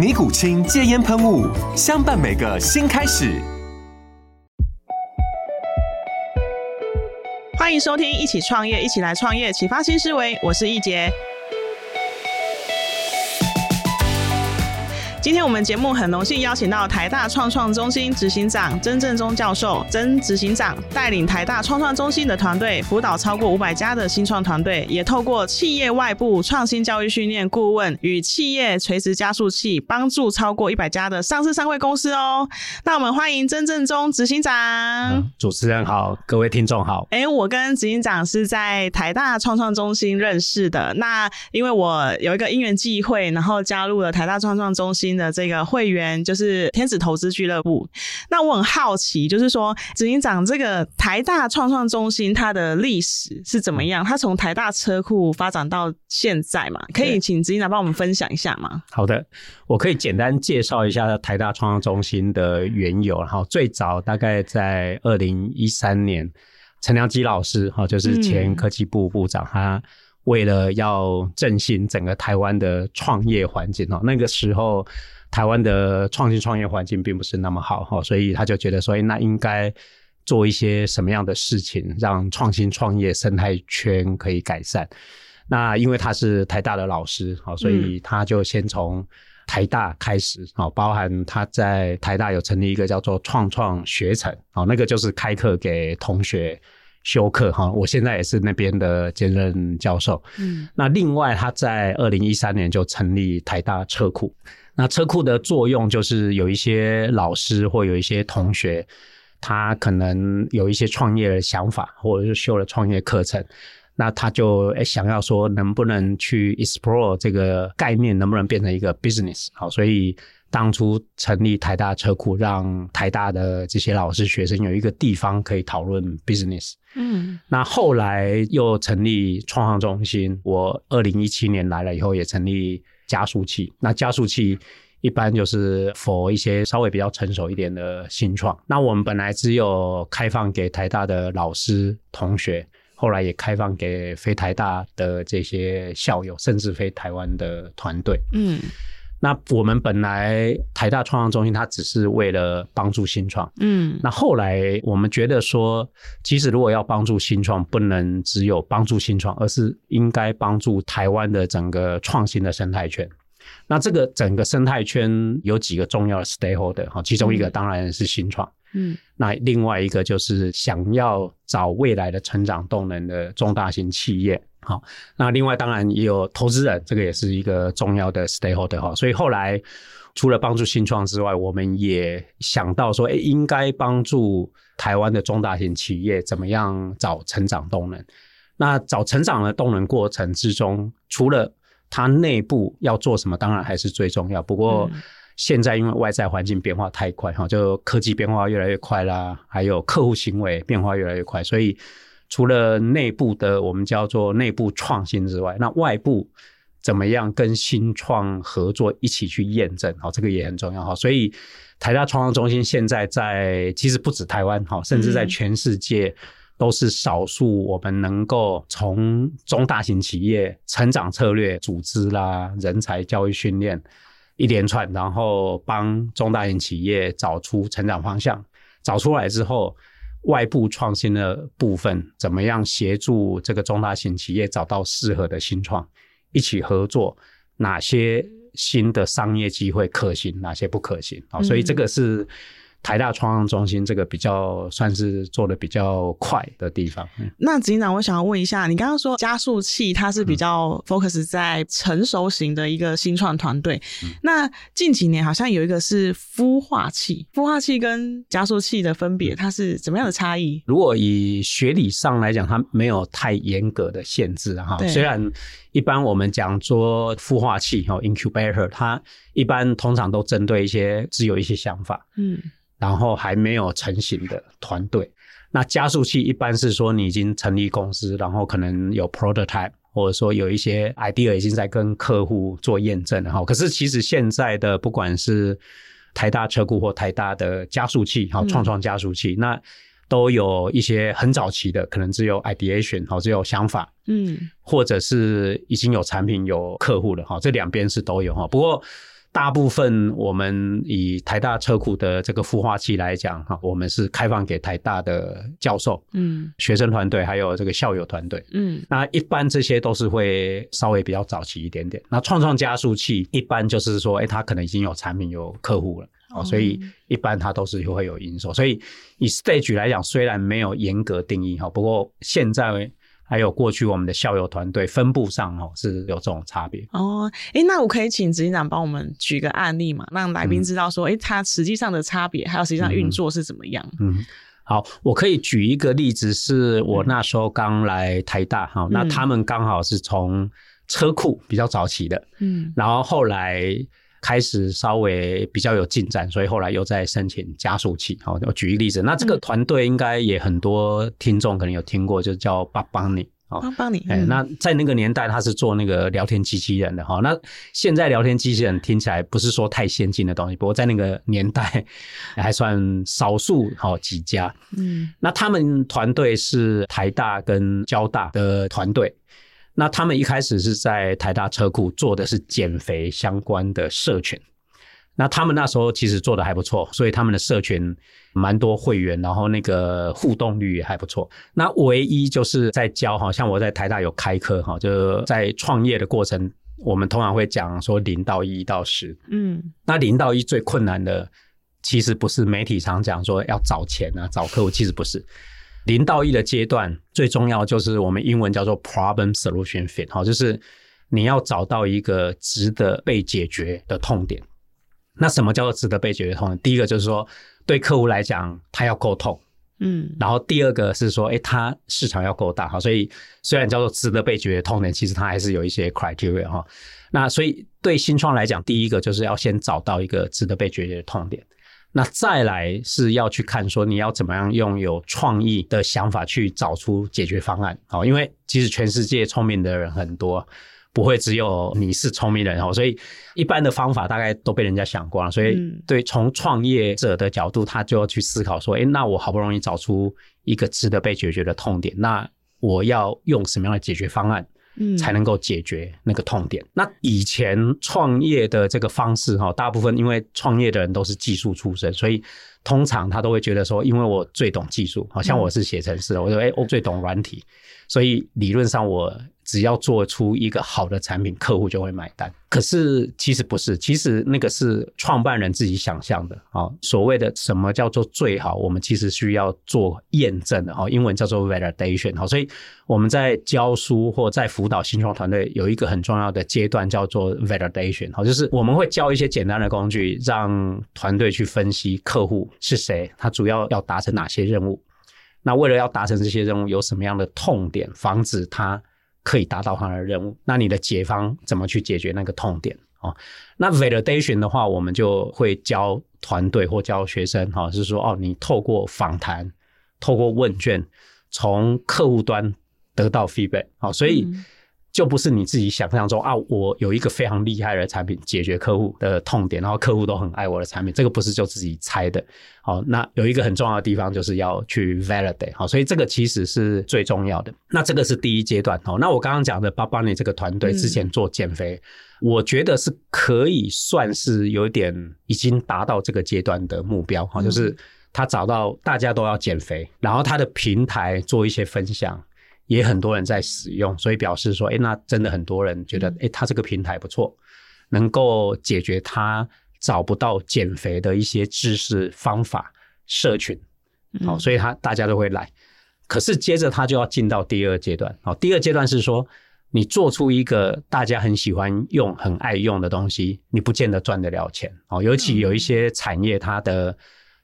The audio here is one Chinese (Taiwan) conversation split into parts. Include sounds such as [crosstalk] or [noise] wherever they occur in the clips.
尼古清戒菸噴霧，相伴每個新開始。歡迎收聽《一起創業》，一起來創業，啟發新思維。我是易杰。今天我們節目很榮幸邀請到台大創創中心執行長曾正忠教授，曾執行長帶領台大創創中心的團隊輔導超過五百家的新創團隊，也透過企業外部創新教育訓練顧問與企業垂直加速器，幫助超過一百家的上市上櫃公司哦、喔。那我們歡迎曾正忠執行長、嗯，主持人好，各位聽眾好。誒、欸，我跟執行長是在台大創創中心認識的，那因為我有一個因緣際會，然後加入了台大創創中心。的這個會員就是天使投資俱樂部。那我很好奇，就是說，執行長，這個台大創創中心它的歷史是怎麼樣？它從台大車庫發展到現在嘛？可以請執行長幫我們分享一下嗎？好的，我可以簡單介紹一下台大創創中心的緣由。然後最早大概在二零一三年，陳良基老師哈，就是前科技部部長，嗯、他為了要振興整個台灣的創業環境，那個時候台灣的創新創業環境並不是那麼好哈，所以他就覺得說，哎，那應該做一些什麼樣的事情，讓創新創業生態圈可以改善？那因為他是台大的老師，所以他就先從。台大開始，包含他在台大有成立一個叫做創創學程，那個就是開課給同學修課。我現在也是那邊的兼任教授。嗯，那另外他在二零一三年就成立台大車庫，那車庫的作用就是有一些老師或有一些同學，他可能有一些創業的想法，或者是修了創業課程。那他就想要說，能不能去 explore 這個概念，能不能變成一個 business。好，所以當初成立台大車庫，讓台大的這些老師、學生有一個地方可以討論 business。嗯，那後來又成立創創中心，我二零一七年來了以後，也成立加速器。那加速器一般就是 for 一些稍微比較成熟一點的新創。那我們本來只有開放給台大的老師、同學。後來也開放給非台大的這些校友，甚至非台灣的團隊。嗯，那我們本來台大創創中心，它只是為了幫助新創。嗯，那後來我們覺得說，其實如果要幫助新創，不能只有幫助新創，而是應該幫助台灣的整個創新的生態圈。那這個整個生態圈有幾個重要的 stakeholder 哈，其中一個當然是新創。嗯嗯，那另外一個就是想要找未來的成長動能的中大型企業，好，那另外當然也有投資人，這個也是一個重要的 stakeholder 哈。所以後來除了幫助新創之外，我們也想到說，誒、欸、應該幫助台灣的中大型企業怎麼樣找成長動能。那找成長的動能過程之中，除了它內部要做什麼，當然還是最重要。不過。嗯現在因為外在環境變化太快哈，就科技變化越來越快啦，還有客戶行為變化越來越快，所以除了內部的我們叫做內部創新之外，那外部怎麼樣跟新創合作一起去驗證啊？這個也很重要哈。所以台大創創中心現在在其實不止台灣哈，甚至在全世界都是少數我們能夠從中大型企業成長策略、組織啦、人才教育訓練。一連串，然後幫中大型企業找出成長方向，找出來之後，外部創新的部分，怎麼樣協助這個中大型企業找到適合的新創，一起合作，哪些新的商業機會可行，哪些不可行啊。嗯。所以這個是。台大創創中心這個比較算是做的比較快的地方。嗯、那執行長，我想要問一下，你剛剛說加速器它是比較 focus 在成熟型的一個新創團隊。嗯、那近幾年好像有一個是孵化器，孵化器跟加速器的分別，它是怎麼樣的差異、嗯嗯嗯嗯？如果以學理上來講，它沒有太嚴格的限制哈、嗯。雖然一般我們講說孵化器哦 （incubator），它一般通常都針對一些只有一些想法，嗯。然後還沒有成型的團隊，那加速器一般是說你已經成立公司，然後可能有 prototype，或者說有一些 idea 已經在跟客戶做驗證了。然後，可是其實現在的不管是台大車庫或台大的加速器，哈，創創加速器，嗯，那都有一些很早期的，可能只有 ideation，只有想法，嗯，或者是已經有產品有客戶了哈，這兩邊是都有哈，不過，大部分我們以台大車庫的這個孵化器來講哈，我們是開放給台大的教授、嗯學生團隊，還有這個校友團隊，嗯，那一般這些都是會稍微比較早期一點點。那創創加速器一般就是說，哎，他可能已經有產品有客戶了，哦、嗯，所以一般他都是會有營收。所以以 stage 來講，雖然沒有嚴格定義哈，不過現在。還有過去我們的校友團隊分布上哦，是有這種差別哦，哎、欸，那我可以請執行長幫我們舉個案例嘛，讓來賓知道說，哎、嗯欸，它實際上的差別還有實際上運作是怎麼樣嗯？嗯，好，我可以舉一個例子，是我那時候剛來台大哈、嗯哦，那他們剛好是從車庫比較早期的，嗯，然後後來。開始稍微比較有進展，所以後來又在申請加速器。我舉一個例子，那這個團隊應該也很多聽眾可能有聽過，就叫 BotBonnie。BotBonnie、嗯哎。那在那個年代，他是做那個聊天機器人的。那現在聊天機器人聽起來不是說太先進的東西，不過在那個年代還算少數好幾家。那他們團隊是台大跟交大的團隊。那他們一開始是在台大車庫做的是減肥相關的社群，那他們那時候其實做的還不錯，所以他們的社群蠻多會員，然後那個互動率也還不錯。那唯一就是在教，好像我在台大有開課哈，就是在創業的過程，我們通常會講說零到一到十，嗯，那零到一最困難的其實不是媒體常講說要找錢啊，找客戶，其實不是。零到一的階段最重要就是我們英文叫做 problem solution fit 哈，就是你要找到一個值得被解決的痛點。那什麼叫做值得被解決的痛點？第一個就是說對客戶來講，他要夠痛，嗯，然後第二個是說，哎，他市場要夠大哈。所以雖然叫做值得被解決的痛點，其實它還是有一些 criteria 哈。那所以對新創來講，第一個就是要先找到一個值得被解決的痛點。那再來是要去看說你要怎麼樣用有創意的想法去找出解決方案，好，因為其實全世界聰明的人很多，不會只有你是聰明人哦，所以一般的方法大概都被人家想過了，所以對從創業者的角度，他就要去思考說，誒，那我好不容易找出一個值得被解決的痛點，那我要用什麼樣的解決方案？才能夠解決那個痛點。那以前創業的這個方式哈，大部分因為創業的人都是技術出身，所以通常他都會覺得說，因為我最懂技術，好像我是寫程式的，我說哎、欸，我最懂軟體，所以理論上我。只要做出一個好的產品，客戶就會買單。可是其實不是，其實那個是創辦人自己想象的啊、哦。所謂的什麼叫做最好，我們其實需要做驗證的、哦。英文叫做 validation、哦。所以我們在教書或在輔導新創團隊，有一個很重要的階段叫做 validation、哦，就是我們會教一些簡單的工具，讓團隊去分析客戶是誰，他主要要達成哪些任務。那為了要達成這些任務，有什麼樣的痛點，防止他。可以達到他的任務，那你的解方怎麼去解決那個痛點？那 validation 的話，我們就會教團隊或教學生，是說哦，你透過訪談、透過問卷，從客戶端得到 feedback。所以。嗯就不是你自己想象中啊！我有一個非常厲害的產品，解決客戶的痛點，然後客戶都很愛我的產品。這個不是就自己猜的好，那有一個很重要的地方，就是要去 validate 好，所以這個其實是最重要的。那這個是第一階段好，那我剛剛講的 BotBonnie 這個團隊之前做減肥、嗯，我覺得是可以算是有點已經達到這個階段的目標好，就是他找到大家都要減肥，然後他的平台做一些分享。也很多人在使用，所以表示說，哎、欸，那真的很多人覺得，哎、欸，他這個平台不錯，能夠解決他找不到減肥的一些知識方法社群，好，所以他大家都會來。可是接着他就要進到第二階段，好，第二階段是說，你做出一個大家很喜歡用、很愛用的東西，你不見得賺得了錢，好，尤其有一些產業，它的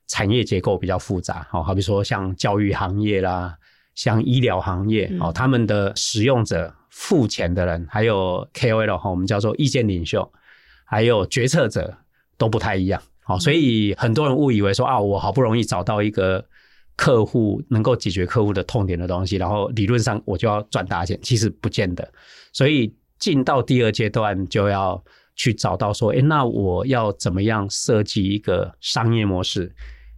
產業結構比較複雜，好比說像教育行業啦。像醫療行業哦，他們的使用者、付錢的人，還有 KOL 哈，我們叫做意見領袖，還有決策者都不太一樣。好，所以很多人誤以為說啊，我好不容易找到一個客戶能夠解決客戶的痛點的東西，然後理論上我就要賺大錢，其實不見得。所以進到第二階段，就要去找到說，哎、欸，那我要怎麼樣設計一個商業模式？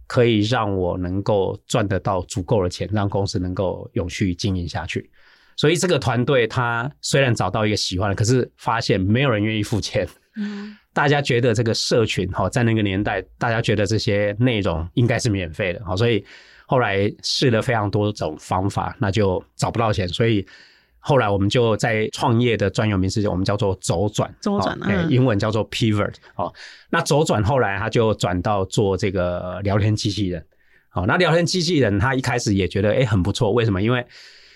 可以讓我能夠賺得到足夠的錢，讓公司能夠永續經營下去。所以這個團隊他雖然找到一個喜歡的，可是發現沒有人願意付錢。嗯，大家覺得這個社群哈，在那個年代，大家覺得這些內容應該是免費的，所以後來試了非常多種方法，那就找不到錢，所以。後來我們就在創業的專有名詞，我們叫做“軸轉”，軸轉啊，英文叫做 pivot。那軸轉後來他就轉到做這個聊天機器人。那聊天機器人他一開始也覺得哎很不錯，為什麼？因為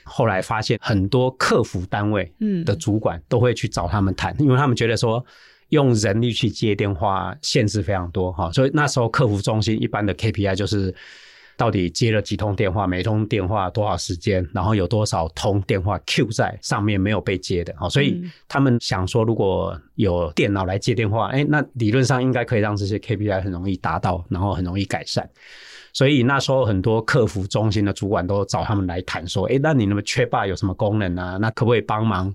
後來發現很多客服單位的主管都會去找他們談，嗯、因為他們覺得說用人力去接電話限制非常多。所以那時候客服中心一般的 KPI 就是。到底接了幾通電話，每通電話多少時間，然後有多少通電話 Q 在上面沒有被接的。所以他們想說，如果有電腦來接電話，嗯欸、那理論上應該可以讓這些 KPI 很容易達到，然後很容易改善。所以那時候很多客服中心的主管都找他們來談，說、欸，那你那麼 chatbot 有什麼功能啊？那可不可以幫忙？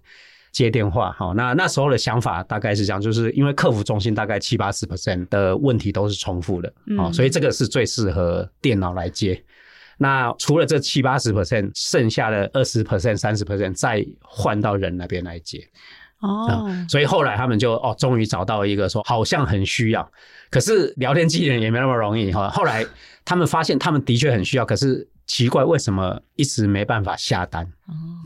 接電話，好，那那時候的想法大概是這樣，就是因為客服中心大概七八十 percent 的問題都是重複的，嗯，所以這個是最適合電腦來接。那除了這七八十 percent，剩下的二十 percent、三十 percent 再換到人那邊來接。哦、oh. 嗯，所以後來他們就哦，終於找到一個說好像很需要，可是聊天機器人也沒那麼容易哈。後來他們發現他們的確很需要，可是奇怪為什麼一直沒辦法下單，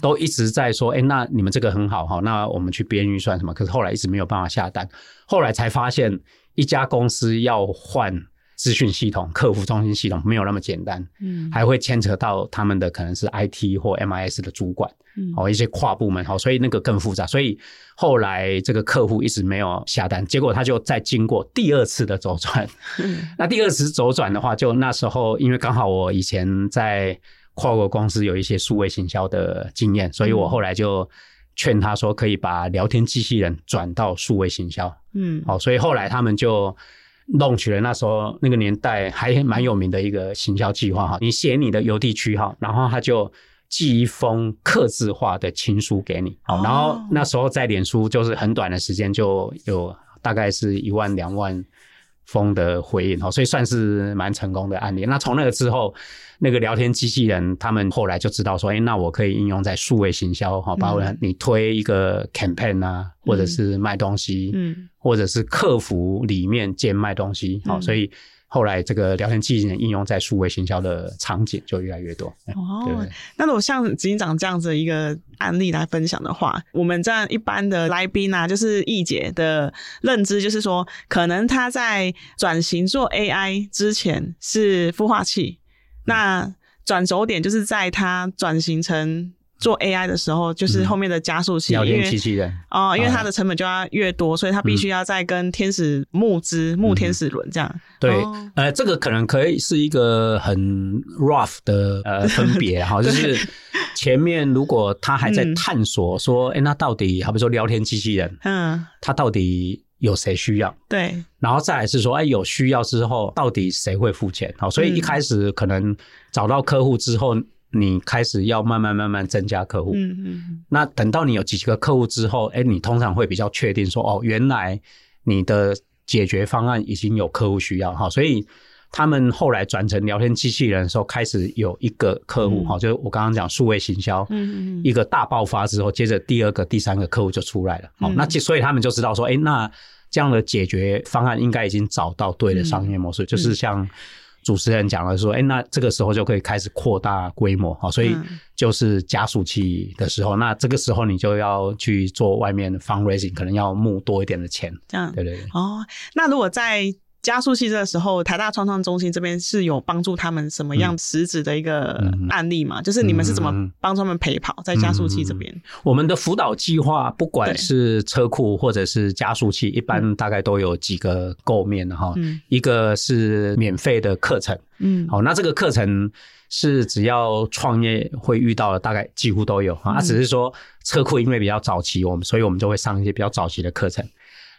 都一直在說哎、欸，那你們這個很好哈，那我們去編預算什麼，可是後來一直沒有辦法下單，後來才發現一家公司要換。資訊系統、客服中心系統沒有那麼簡單，嗯，還會牽扯到他們的可能是 IT 或 MIS 的主管，哦、嗯，一些跨部門，所以那個更複雜。所以後來這個客戶一直沒有下單，結果他就再經過第二次的軸轉。嗯、 [laughs] 那第二次軸轉的話，就那時候因為剛好我以前在跨國公司有一些數位行銷的經驗，所以我後來就勸他說可以把聊天機器人轉到數位行銷，嗯，好，所以後來他們就。弄起了那時候那個年代還蠻有名的一個行銷計劃哈，你寫你的郵遞區號，然後他就寄一封客製化的情書給你。好，然後那時候在臉書就是很短的時間就有大概是一萬兩萬。風的回應哈，所以算是蠻成功的案例。那從那個之後，那個聊天機器人他們後來就知道說，欸、那我可以應用在數位行銷哈，包括你推一個 campaign 啊，或者是賣東西，嗯，嗯或者是客服裡面兼賣東西，好、嗯，所以。後來，這個聊天機器人的應用在數位行銷的場景就越來越多。哦對，那如果像執行長這樣子一個案例來分享的話，我們這樣一般的來賓啊，就是藝姐的認知，就是說，可能他在轉型做 AI 之前是孵化器，嗯、那轉軸點就是在他轉型成。做 AI 的時候，就是後面的加速器，嗯、聊天機器人。哦，因為它的成本就要越多，哦、所以它必須要再跟天使募資、嗯、募天使輪這樣。對、哦，呃，這個可能可以是一個很 rough 的呃分別哈，就是前面如果他還在探索說，說、嗯、哎、欸，那到底，好比如說聊天機器人，嗯，他到底有誰需要？對，然後再來是說，哎、欸，有需要之後，到底誰會付錢？好，所以一開始可能找到客戶之後。嗯你開始要慢慢慢慢增加客戶，嗯嗯，那等到你有幾幾個客戶之後，誒、欸、你通常會比較確定說，哦，原來你的解決方案已經有客戶需要哈、哦，所以他們後來轉成聊天機器人的時候，開始有一個客戶哈、嗯哦，就是我剛剛講數位行銷，嗯嗯、嗯，一個大爆發之後，接着第二個、第三個客戶就出來了，嗯哦、那就所以他們就知道說，誒、欸、那這樣的解決方案應該已經找到對的商業模式，嗯、就是像。主持人講了說，誒、欸、那這個時候就可以開始擴大規模，所以就是加速器的時候、嗯，那這個時候你就要去做外面 fundraising，可能要募多一點的錢，這樣對，對對。哦，那如果在。加速器的時候，台大創創中心這邊是有幫助他們什麼樣實質的一個案例嘛、嗯嗯？就是你們是怎麼幫他們陪跑在加速器這邊？我們的輔導計劃，不管是車庫或者是加速器，一般大概都有幾個構面哈、嗯。一個是免費的課程，嗯，好，那這個課程是只要創業會遇到的，大概幾乎都有、嗯、啊。只是說車庫因為比較早期，我們所以我們就會上一些比較早期的課程。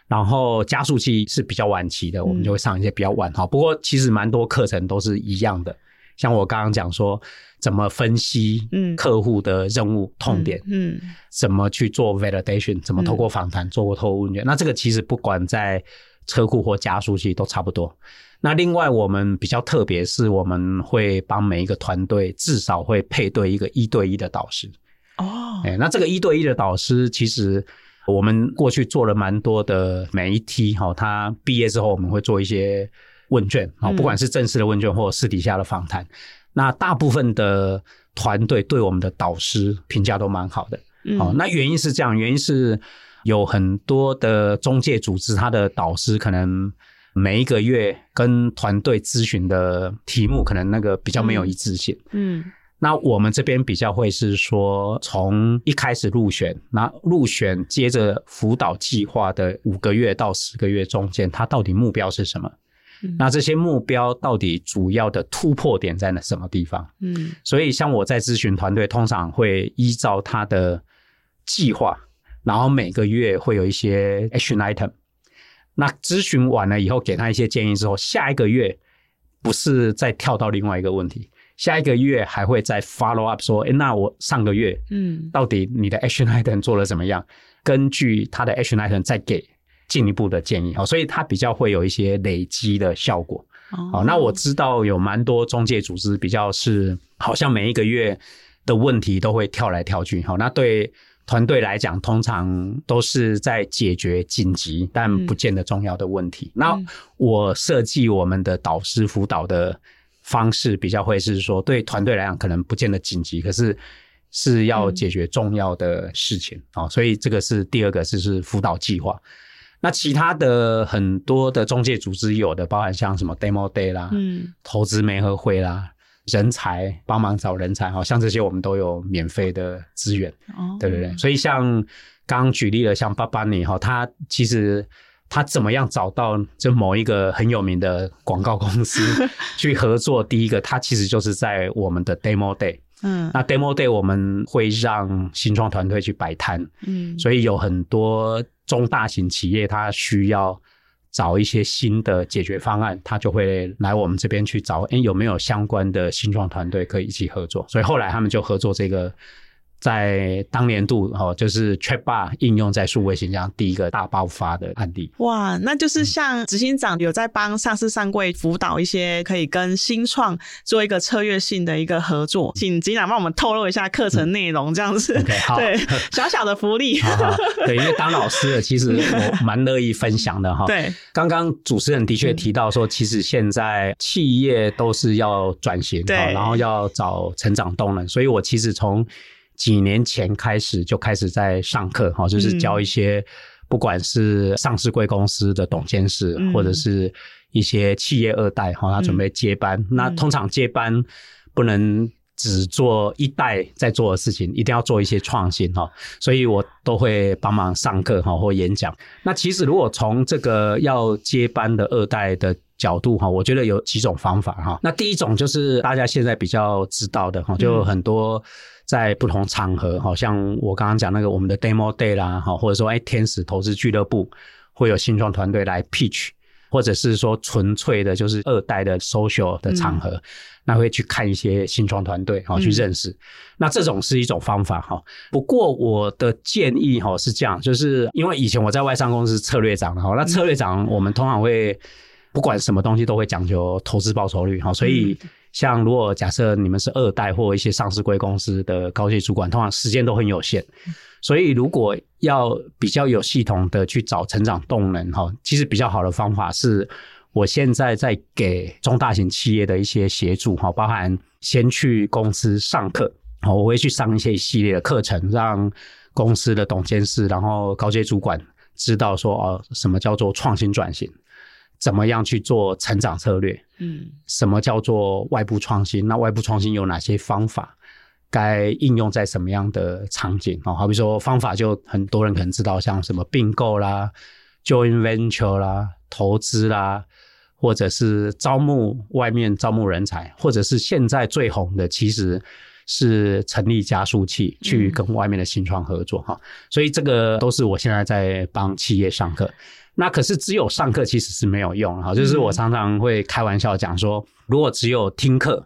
然後加速器是比較晚期的，我們就會上一些比較晚哈、嗯。不過其實蠻多課程都是一樣的，像我剛剛講說怎麼分析客戶的任務痛點，嗯，嗯嗯怎麼去做 validation，怎麼透過訪談、嗯、做透過透問卷，那這個其實不管在車庫或加速器都差不多。那另外我們比較特別是我們會幫每一個團隊至少會配對一個一對一的導師哦、哎，那這個一對一的導師其實。我們過去做了蠻多的，每一梯哈、哦，他畢業之後我們會做一些問卷，啊、嗯，不管是正式的問卷或是私底下的訪談，那大部分的團隊對我們的導師評價都蠻好的，嗯哦、那原因是這樣，原因是有很多的中介組織，他的導師可能每一個月跟團隊諮詢的題目，可能那個比較沒有一致性，嗯。嗯那我們這邊比較會是說，從一開始入選，那入選接着輔導計劃的五個月到十個月中間，他到底目標是什麼？嗯。那這些目標到底主要的突破點在了什麼地方？嗯，所以像我在諮詢團隊，通常會依照他的計劃，然後每個月會有一些 action item。那諮詢完了以後，給他一些建議之後，下一個月不是再跳到另外一個問題。下一個月還會再 follow up，說，哎，那我上個月，嗯，到底你的 action item 做了怎麼樣？嗯、根據他的 action item 再給進一步的建議，所以他比較會有一些累積的效果。哦、那我知道有蠻多中介組織比較是，好像每一個月的問題都會跳來跳去。好，那對團隊來講，通常都是在解決緊急但不見得重要的問題，嗯。那我設計我們的導師輔導的。方式比較會是說，對團隊來講可能不見得緊急，可是是要解決重要的事情啊、嗯，所以這個是第二個，就是輔導計劃。那其他的很多的中介組織有的，包含像什麼 Demo Day 啦，嗯，投資媒合會啦，嗯、人才幫忙找人才，好像這些我們都有免費的資源、哦，對不對？所以像剛舉例了，像 BotBonnie 哈，他其實。他怎麼樣找到這某一個很有名的廣告公司去合作。 [laughs] 第一個，他其實就是在我們的 Demo Day。嗯，那 Demo Day 我們會讓新創團隊去擺攤。嗯，所以有很多中大型企業，他需要找一些新的解決方案，他就會來我們這邊去找。誒，有沒有相關的新創團隊可以一起合作？所以後來他們就合作這個。在當年度，哦，就是 Chatbot 應用在數位形象第一個大爆發的案例。哇，那就是像執行長有在幫上市上櫃輔導一些可以跟新創做一個策略性的一個合作，請執行長幫我們透露一下課程內容、嗯，這樣子 okay, 好好。對，小小的福利。 [laughs] 好好對，因為當老師，其實我蠻樂意分享的哈。 [laughs] 對，剛剛主持人的確提到說，其實現在企業都是要轉型、嗯，然後要找成長動能，所以我其實從幾年前開始就開始在上課哈，就是教一些不管是上市櫃公司的董監事，或者是一些企業二代哈，他準備接班，嗯。那通常接班不能只做一代在做的事情，一定要做一些創新哈。所以我都會幫忙上課哈或演講。那其實如果從這個要接班的二代的角度哈，我覺得有幾種方法哈。那第一種就是大家現在比較知道的哈，就很多。在不同場合，好像我剛剛講那個我們的 Demo Day 啦，哈，或者說、欸、天使投資俱樂部會有新創團隊來 Pitch，或者是說純粹的，就是二代的 Social 的場合，嗯、那會去看一些新創團隊，好去認識、嗯。那這種是一種方法，哈。不過我的建議哈是這樣，就是因為以前我在外商公司策略長哈，那策略長我們通常會不管什麼東西都會講究投資報酬率哈，所以、嗯。像如果假設你們是二代或一些上市櫃公司的高階主管，通常時間都很有限，所以如果要比較有系統的去找成長動能哈，其實比較好的方法是，我現在在給中大型企業的一些協助哈，包含先去公司上課，哦，我會去上一些系列的課程，讓公司的董監事然後高階主管知道說哦什麼叫做創新轉型。怎麼樣去做成長策略？嗯，什麼叫做外部創新？那外部創新有哪些方法？該應用在什麼樣的場景？哦，好比說方法，就很多人可能知道，像什麼併購啦、joint venture 啦、投資啦，或者是招募外面招募人才，或者是現在最紅的，其實是成立加速器去跟外面的新創合作。哈、嗯，所以這個都是我現在在幫企業上課。那可是只有上課其實是沒有用啊，就是我常常會開玩笑講說，如果只有聽課，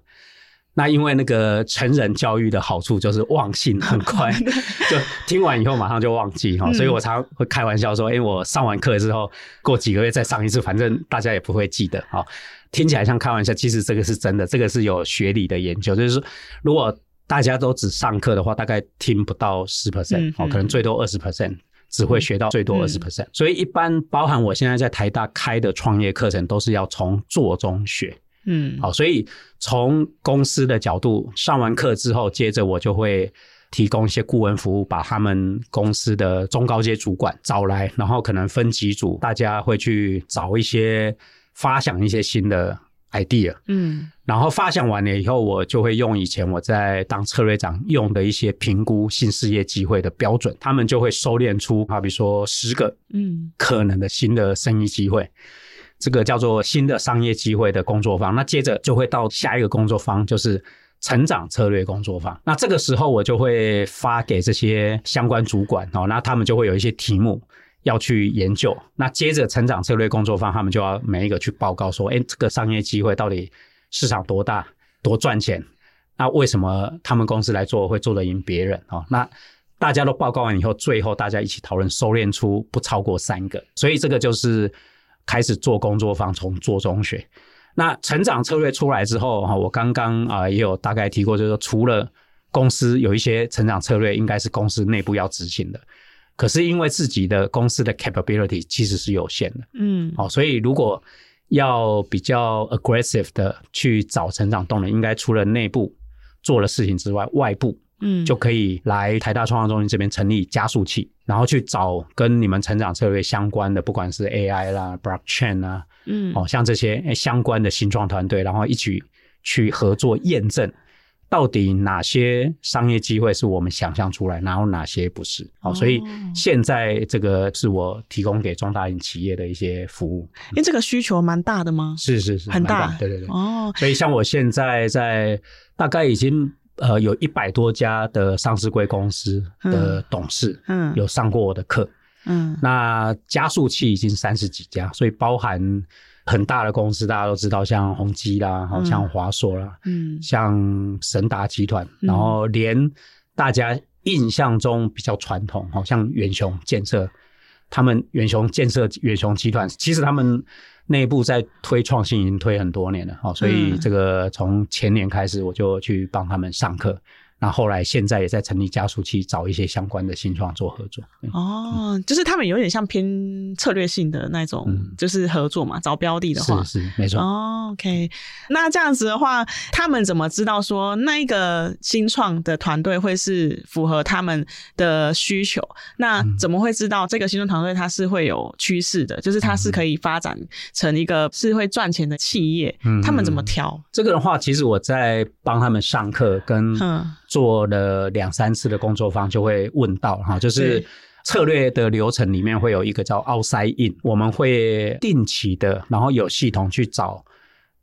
那因為那個成人教育的好處就是忘性很快，就聽完以後馬上就忘記啊，所以我常常會開玩笑說，欸，誒，我上完課之後過幾個月再上一次，反正大家也不會記得啊。聽起來像開玩笑，其實這個是真的，這個是有學理的研究，就是說如果大家都只上課的話，大概聽不到十 percent，可能最多二十 percent。只會學到最多二十 percent，所以一般包含我現在在台大開的創業課程，都是要從做中學。嗯，好，所以從公司的角度上完課之後，接着我就會提供一些顧問服務，把他們公司的中高階主管找來，然後可能分幾組，大家會去找一些發想一些新的。idea，嗯，然後發想完了以後，我就會用以前我在當策略長用的一些評估新事業機會的標準，他們就會收斂出，好比如說十個，嗯，可能的新的生意機會，嗯，這個叫做新的商業機會的工作坊，那接着就會到下一個工作坊，就是成長策略工作坊。那這個時候我就會發給這些相關主管哦，那他們就會有一些題目。要去研究，那接着成長策略工作坊，他們就要每一個去報告說，哎，這個商業機會到底市場多大、多賺錢？那為什麼他們公司來做會做得贏別人？那大家都報告完以後，最後大家一起討論，收斂出不超過三個。所以這個就是開始做工作坊，從做中學。那成長策略出來之後，我剛剛也有大概提過，就是說除了公司有一些成長策略，應該是公司內部要執行的。可是因為自己的公司的 capability 其實是有限的。嗯，好、哦，所以如果要比較 aggressive 的去找成長動能，應該除了內部做了事情之外，外部，嗯，就可以來台大創創中心這邊成立加速器，然後去找跟你們成長策略相關的，不管是 AI 啦、blockchain 啊，嗯，哦，像這些相關的新創團隊，然後一起去合作驗證。到底哪些商業機會是我們想象出來，然後哪些不是？好、哦，所以現在這個是我提供給中大型企業的一些服務，因為這個需求蠻大的嗎？是是是，很大，蠻大，對對對。哦，所以像我現在在大概已經呃有一百多家的上市櫃公司的董事，嗯，嗯，有上過我的課，嗯，那加速器已經三十幾家，所以包含。很大的公司，大家都知道，像宏碁啦，好像華碩啦，嗯，像神達集團，然後連大家印象中比較傳統，好像遠雄建設，他們遠雄建設遠雄集團，其實他們內部在推創新，已經推很多年了，所以這個從前年開始，我就去幫他們上課。那後來現在也在成立加速器，找一些相關的新創做合作。哦，就是他們有點像偏策略性的那種，就是合作嘛，嗯、找標的的話是，是沒錯。哦，OK，那這樣子的話，他們怎麼知道說那一個新創的團隊會是符合他們的需求？那怎麼會知道這個新創團隊它是會有趨勢的？就是它是可以發展成一個是會賺錢的企業？嗯，他們怎麼挑？這個的話，其實我在幫他們上課跟，嗯。做了兩三次的工作坊，就會問到哈，就是策略的流程裡面會有一個叫 Outside In，我們會定期的，然後有系統去找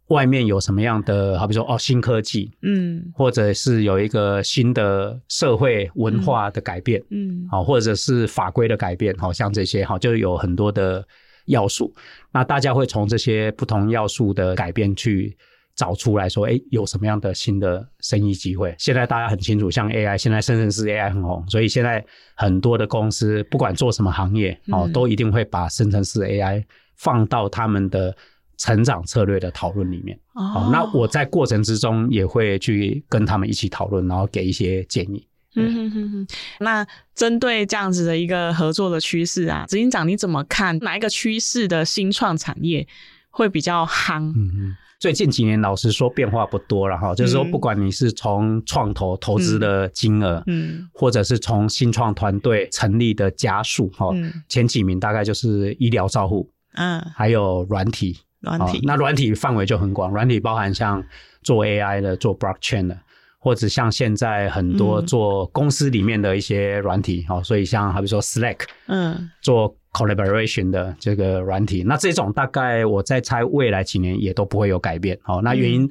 外面有什麼樣的，好比說哦新科技，嗯，或者是有一個新的社會文化的改變，嗯，好，或者是法規的改變，好像這些哈，就有很多的要素。那大家會從這些不同要素的改變去。找出來說，哎、欸，有什麼樣的新的生意機會？現在大家很清楚，像 AI，現在生成式 AI 很紅，所以現在很多的公司不管做什麼行業，哦，嗯、都一定會把生成式 AI 放到他們的成長策略的討論裡面哦。哦，那我在過程之中也會去跟他們一起討論，然後給一些建議。嗯哼，哼哼，那針對這樣子的一個合作的趨勢啊，執行長你怎麼看？哪一個趨勢的新創產業會比較夯？嗯哼。最近幾年，老實說變化不多了哈。就是說，不管你是從創投投資的金額，嗯，或者是從新創團隊成立的加速，哈，前幾名大概就是醫療照護，嗯，還有軟體，軟體，那軟體範圍就很廣，軟體包含像做 AI 的，做 Blockchain 的。或者像現在很多做公司裡面的一些軟體哦、嗯，所以像好比說 Slack，嗯，做 collaboration 的這個軟體，那這種大概我在猜，未來幾年也都不會有改變哦、嗯。那原因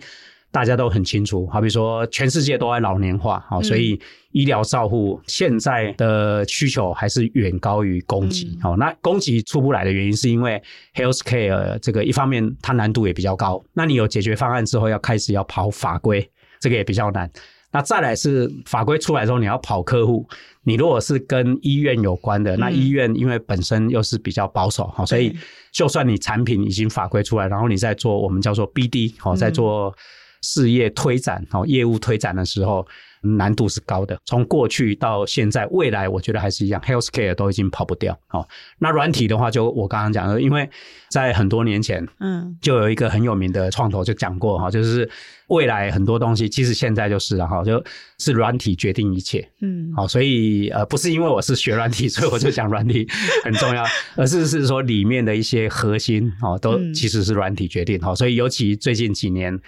大家都很清楚，好比說全世界都在老年化哦、嗯，所以醫療照護現在的需求還是遠高於供給哦。那供給出不來的原因，是因為 healthcare 這個一方面它難度也比較高，那你有解決方案之後，要開始要跑法規。這個也比較難。那再來是法規出來之後，你要跑客戶。你如果是跟醫院有關的，嗯、那醫院因為本身又是比較保守，嗯、所以就算你產品已經法規出來，然後你在做我們叫做 BD、哦嗯、在做事業推展，哦、業務推展的時候。難度是高的，從過去到現在，未來我覺得還是一樣，health care 都已經跑不掉。好、哦，那軟體的話，就我剛剛講的，因為在很多年前，嗯，就有一個很有名的創投就講過，哈、哦，就是未來很多東西，其實現在就是了，哈、哦，就是軟體決定一切。嗯，好、哦，所以呃，不是因為我是學軟體，所以我就講軟體 [laughs] 很重要，而是是說裡面的一些核心、哦、都其實是軟體決定、嗯哦。所以尤其最近幾年。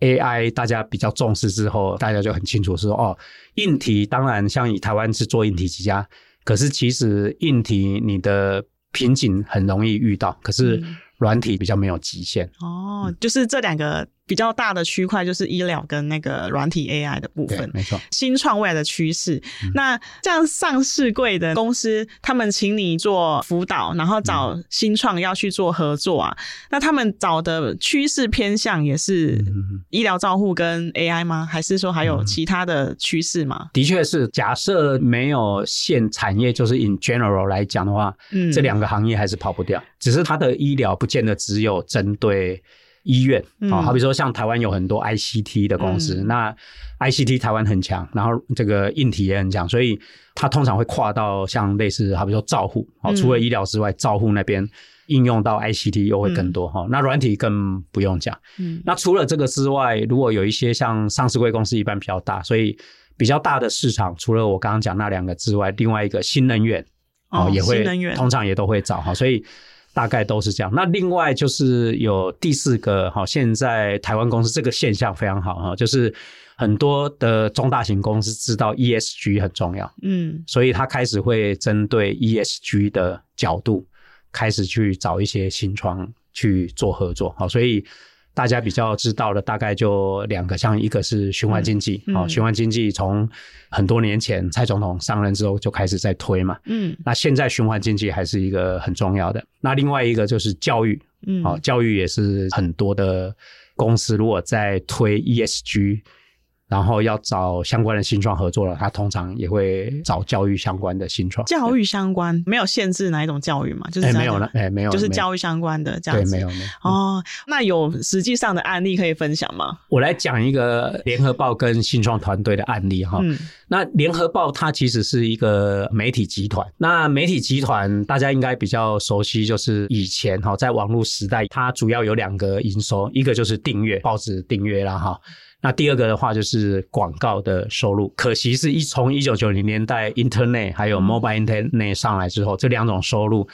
AI 大家比較重視之後，大家就很清楚說哦，硬體當然像以台灣是做硬體起家，可是其實硬體你的瓶頸很容易遇到，可是軟體比較沒有極限、嗯嗯。哦，就是這兩個。比較大的區塊就是醫療跟那個軟體 AI 的部分，沒錯，新創未來的趨勢、嗯。那這樣上市櫃的公司，他們請你做輔導，然後找新創要去做合作啊。嗯、那他們找的趨勢偏向也是醫療照護跟 AI 嗎？還是說還有其他的趨勢嗎？嗯、的確是，假設沒有限產業，就是 in general 來講的話，嗯、這兩個行業還是跑不掉。只是它的醫療不見得只有針對。醫院，好比說像台灣有很多 ICT 的公司，嗯、那 ICT 台灣很強，然後這個硬體也很強，所以它通常會跨到像類似，好比說照護好、嗯、除了醫療之外，照護那邊應用到 ICT 又會更多哈、嗯。那軟體更不用講、嗯，那除了這個之外，如果有一些像上市櫃公司一般比較大，所以比較大的市場，除了我剛剛講那兩個之外，另外一個新能源哦也會，通常也都會找哈，所以。大概都是這樣。那另外就是有第四個哈，現在台灣公司這個現象非常好哈，就是很多的中大型公司知道 ESG 很重要，嗯，所以他開始會針對 ESG 的角度開始去找一些新創去做合作，哈，所以。大家比較知道的大概就兩個，像一個是循環經濟，好，嗯嗯，循環經濟從很多年前蔡總統上任之後就開始在推嘛，嗯，那現在循環經濟還是一個很重要的。那另外一個就是教育，嗯，好，教育也是很多的公司如果在推 ESG。然後要找相關的新創合作了，他通常也會找教育相關的新創。教育相關沒有限制哪一種教育嘛？就是、欸、沒有了，哎、欸，沒有，就是教育相關的這樣子。對，沒有，沒有。哦、嗯，那有實際上的案例可以分享嗎？我來講一個聯合報跟新創團隊的案例哈、 [laughs] 嗯。那聯合報它其實是一個媒體集團。那媒體集團大家應該比較熟悉，就是以前哈，在網絡時代，它主要有兩個營收，一個就是訂閱，報紙訂閱啦哈。那第二個的話就是廣告的收入，可惜是一從一九九零年代 Internet 還有 Mobile Internet 上來之後，這兩種收入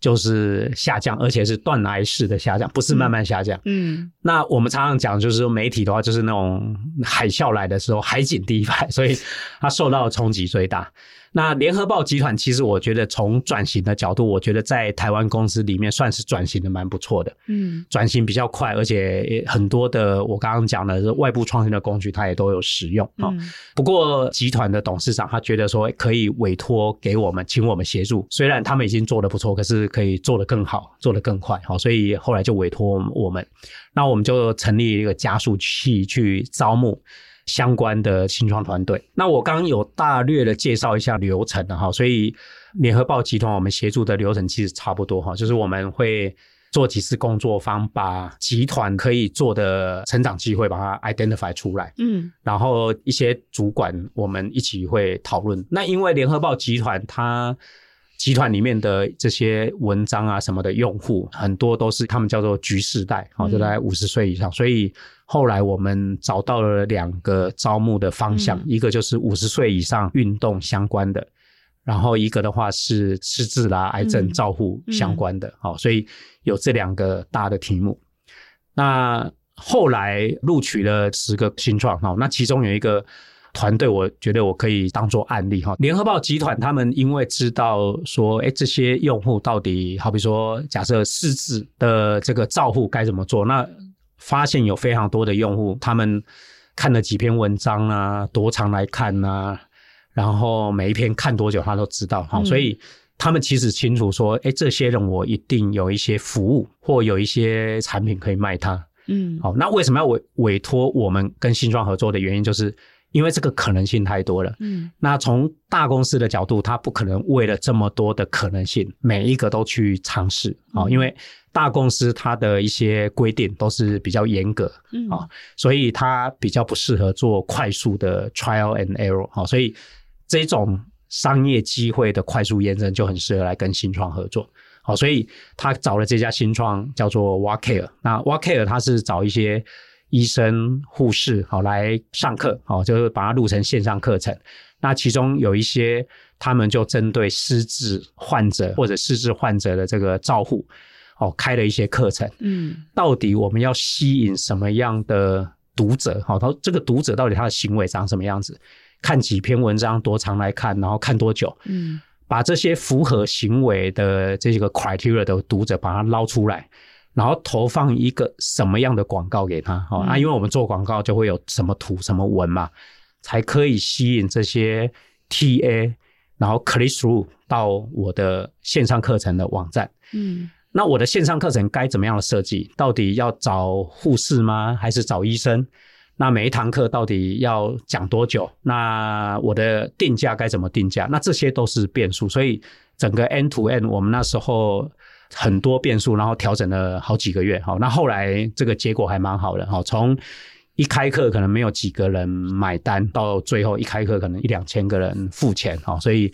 就是下降，而且是斷崖式的下降，不是慢慢下降。嗯，那我們常常講，就是說媒體的話，就是那種海嘯來的時候，海景第一排，所以它受到的衝擊最大。那聯合報集團其實，我覺得從轉型的角度，我覺得在台灣公司裡面算是轉型的蠻不錯的。嗯，轉型比較快，而且很多的我剛剛講的是外部創新的工具，它也都有使用啊。不過集團的董事長他覺得說可以委託給我們，請我們協助。雖然他們已經做得不錯，可是可以做得更好，做得更快。好，所以後來就委託我們，那我們就成立一個加速器去招募，相關的新創團隊，那我剛有大略的介紹一下流程的哈，所以聯合報集團我們協助的流程其實差不多哈，就是我們會做幾次工作坊，把集團可以做的成長機會把它 identify 出來，嗯，然後一些主管我們一起會討論。那因為聯合報集團它。集團裡面的這些文章啊什麼的用戶，用戶很多都是他們叫做“局世代”，好、嗯、就大概五十歲以上。所以後來我們找到了兩個招募的方向，嗯、一個就是五十歲以上運動相關的，然後一個的話是失智啦、啊、癌症照護相關的。好、嗯哦，所以有這兩個大的題目。那後來錄取了十個新創，好、哦，那其中有一個。團隊，我覺得我可以當做案例哈。聯合報集團他們因為知道說，哎、欸，這些用戶到底好比說，假設失智的這個照護該怎麼做？那發現有非常多的用戶，他們看了幾篇文章啊，多常來看啊，然後每一篇看多久，他都知道哈、嗯。所以他們其實清楚說，哎、欸，這些人我一定有一些服務或有一些產品可以賣他。嗯，好、哦，那為什麼要委委託我們跟新創合作的原因就是。因為這個可能性太多了，嗯，那從大公司的角度，他不可能為了這麼多的可能性，每一個都去嘗試啊、哦，因為大公司它的一些規定都是比較嚴格，嗯啊、哦，所以他比較不適合做快速的 trial and error，哦、所以這種商業機會的快速驗證就很適合來跟新創合作，好、哦，所以他找了這家新創叫做 WaCare，那 WaCare 它是找一些。醫生、護士，好，來上課，好，就是把它錄成線上課程。那其中有一些，他們就針對失智患者或者失智患者的這個照護，哦，開了一些課程。嗯，到底我們要吸引什麼樣的讀者？好，他說這個讀者到底他的行為長什麼樣子？看幾篇文章多長來看，然後看多久？嗯，把這些符合行為的這個 criteria 的讀者，把它撈出來。然後投放一個什麼樣的廣告給他？嗯、啊，因為我們做廣告就會有什麼圖、什麼文嘛，才可以吸引這些 TA，然後 click through 到我的線上課程的網站。嗯，那我的線上課程該怎麼樣的設計？到底要找護士嗎？還是找醫生？那每一堂課到底要講多久？那我的定價該怎麼定價？那這些都是變數，所以整個 end to end，我們那時候。很多變數，然後調整了好幾個月。好，那後來這個結果還蠻好的。好，從一開課可能沒有幾個人買單，到最後一開課可能一兩千個人付錢。好，所以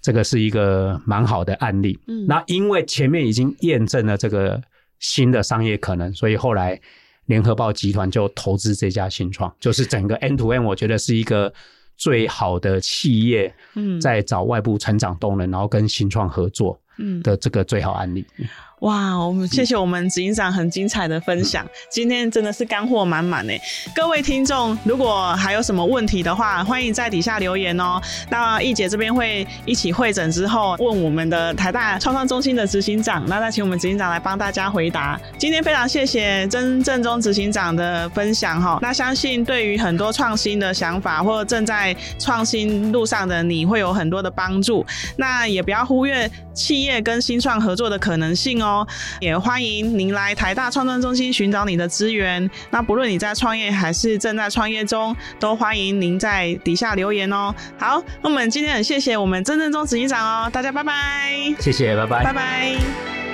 這個是一個蠻好的案例。嗯，那因為前面已經驗證了這個新的商業可能，所以後來聯合報集團就投資這家新創，就是整個 N to N，我覺得是一個最好的企業，嗯，在找外部成長動能，然後跟新創合作。嗯的這個最好案例。嗯，哇！我們謝謝我們執行長很精彩的分享，嗯、今天真的是乾貨滿滿誒各位聽眾，如果還有什麼問題的話，歡迎在底下留言哦、喔。那易姐這邊會一起會診之後，問我們的台大創創中心的執行長，那再請我們執行長來幫大家回答。今天非常謝謝曾正忠執行長的分享哈、喔，那相信對於很多創新的想法或正在創新路上的你會有很多的幫助。那也不要忽略。企業跟新創合作的可能性哦、喔，也歡迎您來台大創創中心尋找你的資源。那不論你在創業還是正在創業中，都歡迎您在底下留言哦、喔。好，那我們今天很謝謝我們曾正忠執行長哦、喔，大家拜拜，謝謝，拜拜，拜拜。